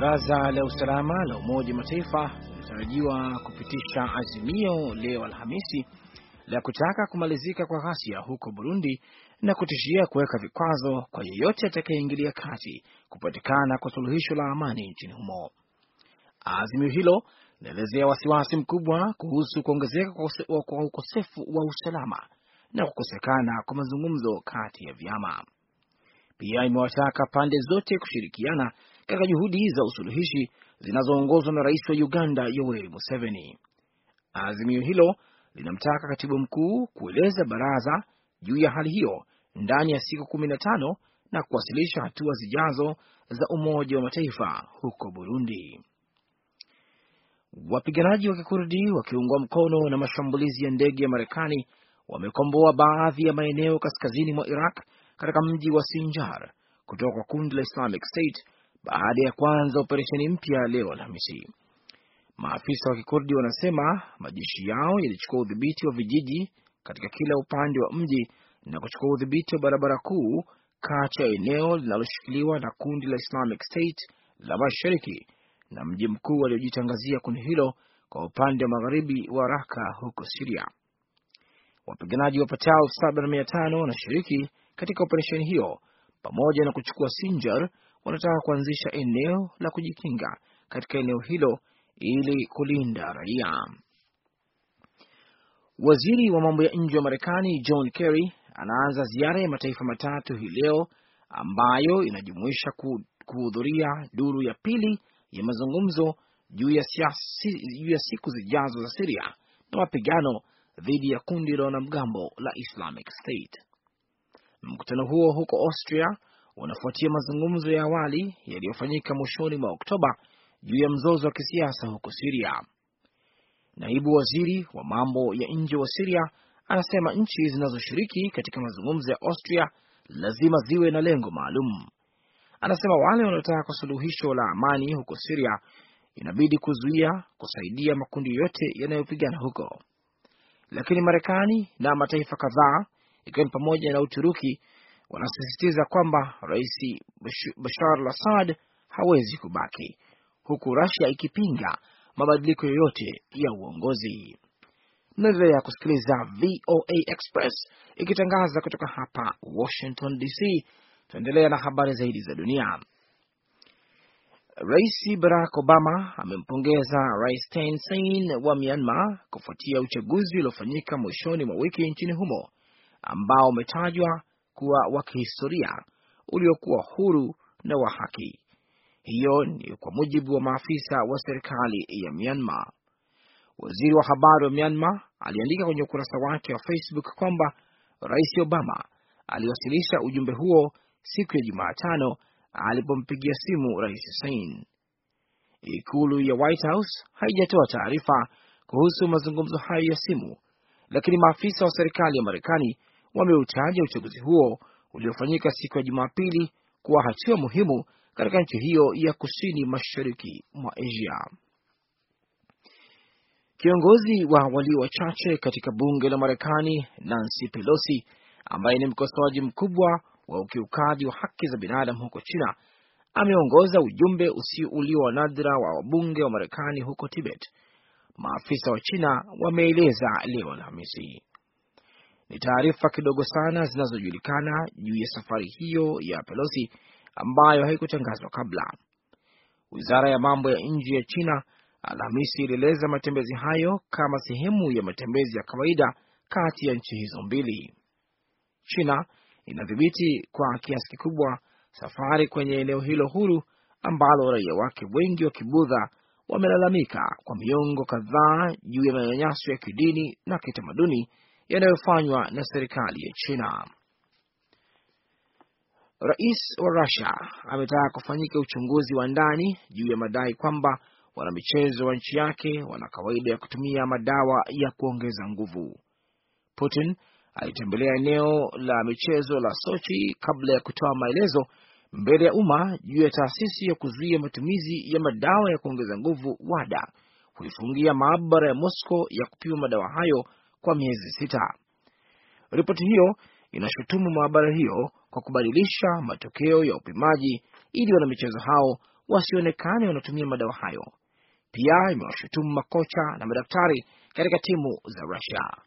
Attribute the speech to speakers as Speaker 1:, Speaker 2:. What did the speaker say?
Speaker 1: Baraza la usalama la Umoja Mataifa linatarajiwa kupitisha azimio leo Alhamisi la kutaka kumalizika kwa ghasia huko Burundi na kutishia kuweka vikwazo kwa yeyote atakayeingilia kati kupatikana kwa suluhisho la amani nchini humo. Azimio hilo linaelezea wasiwasi mkubwa kuhusu kuongezeka kwa ukosefu wa usalama na kukosekana kwa mazungumzo kati ya vyama. Pia imewataka pande zote kushirikiana katika juhudi za usuluhishi zinazoongozwa na rais wa Uganda Yoweri Museveni. Azimio hilo linamtaka katibu mkuu kueleza baraza juu ya hali hiyo ndani ya siku kumi na tano na kuwasilisha hatua zijazo za Umoja wa Mataifa huko Burundi. Wapiganaji wa Kikurdi wakiungwa mkono na mashambulizi ya ndege ya Marekani wamekomboa baadhi ya maeneo kaskazini mwa Iraq katika mji wa Sinjar kutoka kwa kundi la Islamic State baada ya kuanza operesheni mpya leo Alhamisi. Maafisa wa Kikurdi wanasema majeshi yao yalichukua udhibiti wa vijiji katika kila upande wa mji na kuchukua udhibiti wa barabara kuu kati ya eneo linaloshikiliwa na kundi la Islamic State la mashariki na mji mkuu aliojitangazia kundi hilo kwa upande wa magharibi wa Raka huko Siria. Wapiganaji wapatao elfu saba na wanashiriki katika operesheni hiyo, pamoja na kuchukua Sinjar, wanataka kuanzisha eneo la kujikinga katika eneo hilo ili kulinda raia. Waziri wa mambo ya nje wa Marekani John Kerry anaanza ziara ya mataifa matatu hii leo ambayo inajumuisha kuhudhuria duru ya pili ya mazungumzo juu ya, ya siku zijazo za Siria na mapigano dhidi ya kundi la wanamgambo la Islamic State. Mkutano huo huko Austria unafuatia mazungumzo ya awali yaliyofanyika mwishoni mwa Oktoba juu ya mzozo wa kisiasa huko Siria. Naibu waziri wa mambo ya nje wa Siria anasema nchi zinazoshiriki katika mazungumzo ya Austria lazima ziwe na lengo maalum. Anasema wale wanaotaka kwa suluhisho la amani huko Siria inabidi kuzuia kusaidia makundi yote yanayopigana huko, lakini Marekani na mataifa kadhaa ikiwa ni pamoja na Uturuki, wanasisitiza kwamba Rais Bashar al Assad hawezi kubaki, huku rasia ikipinga mabadiliko yoyote ya uongozi. Mnaendelea kusikiliza VOA Express ikitangaza kutoka hapa Washington DC. Tuendelea na habari zaidi za dunia. Rais Barack Obama amempongeza Rais Thein Sein wa Myanmar kufuatia uchaguzi uliofanyika mwishoni mwa wiki nchini humo ambao umetajwa kuwa wa kihistoria uliokuwa huru na wa haki. Hiyo ni kwa mujibu wa maafisa wa serikali ya Myanmar. Waziri wa habari wa Myanmar aliandika kwenye ukurasa wake wa Facebook kwamba Rais Obama aliwasilisha ujumbe huo siku ya Jumatano alipompigia simu Rais sein Ikulu ya White House haijatoa taarifa kuhusu mazungumzo hayo ya simu, lakini maafisa wa serikali ya Marekani wameutaja uchaguzi huo uliofanyika siku ya Jumapili kuwa hatua muhimu katika nchi hiyo ya kusini mashariki mwa Asia. Kiongozi wa walio wachache katika bunge la Marekani Nancy Pelosi, ambaye ni mkosoaji mkubwa wa ukiukaji wa haki za binadamu huko China, ameongoza ujumbe usio ulio wa nadra wa wabunge wa Marekani huko Tibet, maafisa wa China wameeleza leo Alhamisi. Ni taarifa kidogo sana zinazojulikana juu ya safari hiyo ya Pelosi ambayo haikutangazwa kabla. Wizara ya mambo ya nje ya China Alhamisi ilieleza matembezi hayo kama sehemu ya matembezi ya kawaida kati ya nchi hizo mbili. China inadhibiti kwa kiasi kikubwa safari kwenye eneo hilo huru ambalo raia wake wengi wa Kibudha wamelalamika kwa miongo kadhaa juu ya manyanyaso ya kidini na kitamaduni yanayofanywa na serikali ya China. Rais wa Russia ametaka kufanyika uchunguzi wa ndani juu ya madai kwamba wanamichezo wa nchi yake wana kawaida ya kutumia madawa ya kuongeza nguvu. Putin alitembelea eneo la michezo la Sochi kabla ya kutoa maelezo mbele ya umma juu ya taasisi ya kuzuia matumizi ya madawa ya kuongeza nguvu WADA kuifungia maabara ya Moscow ya kupima madawa hayo kwa miezi sita. Ripoti hiyo inashutumu maabara hiyo kwa kubadilisha matokeo ya upimaji ili wanamichezo hao wasionekane wanatumia madawa hayo. Pia imewashutumu makocha na madaktari katika timu za Russia.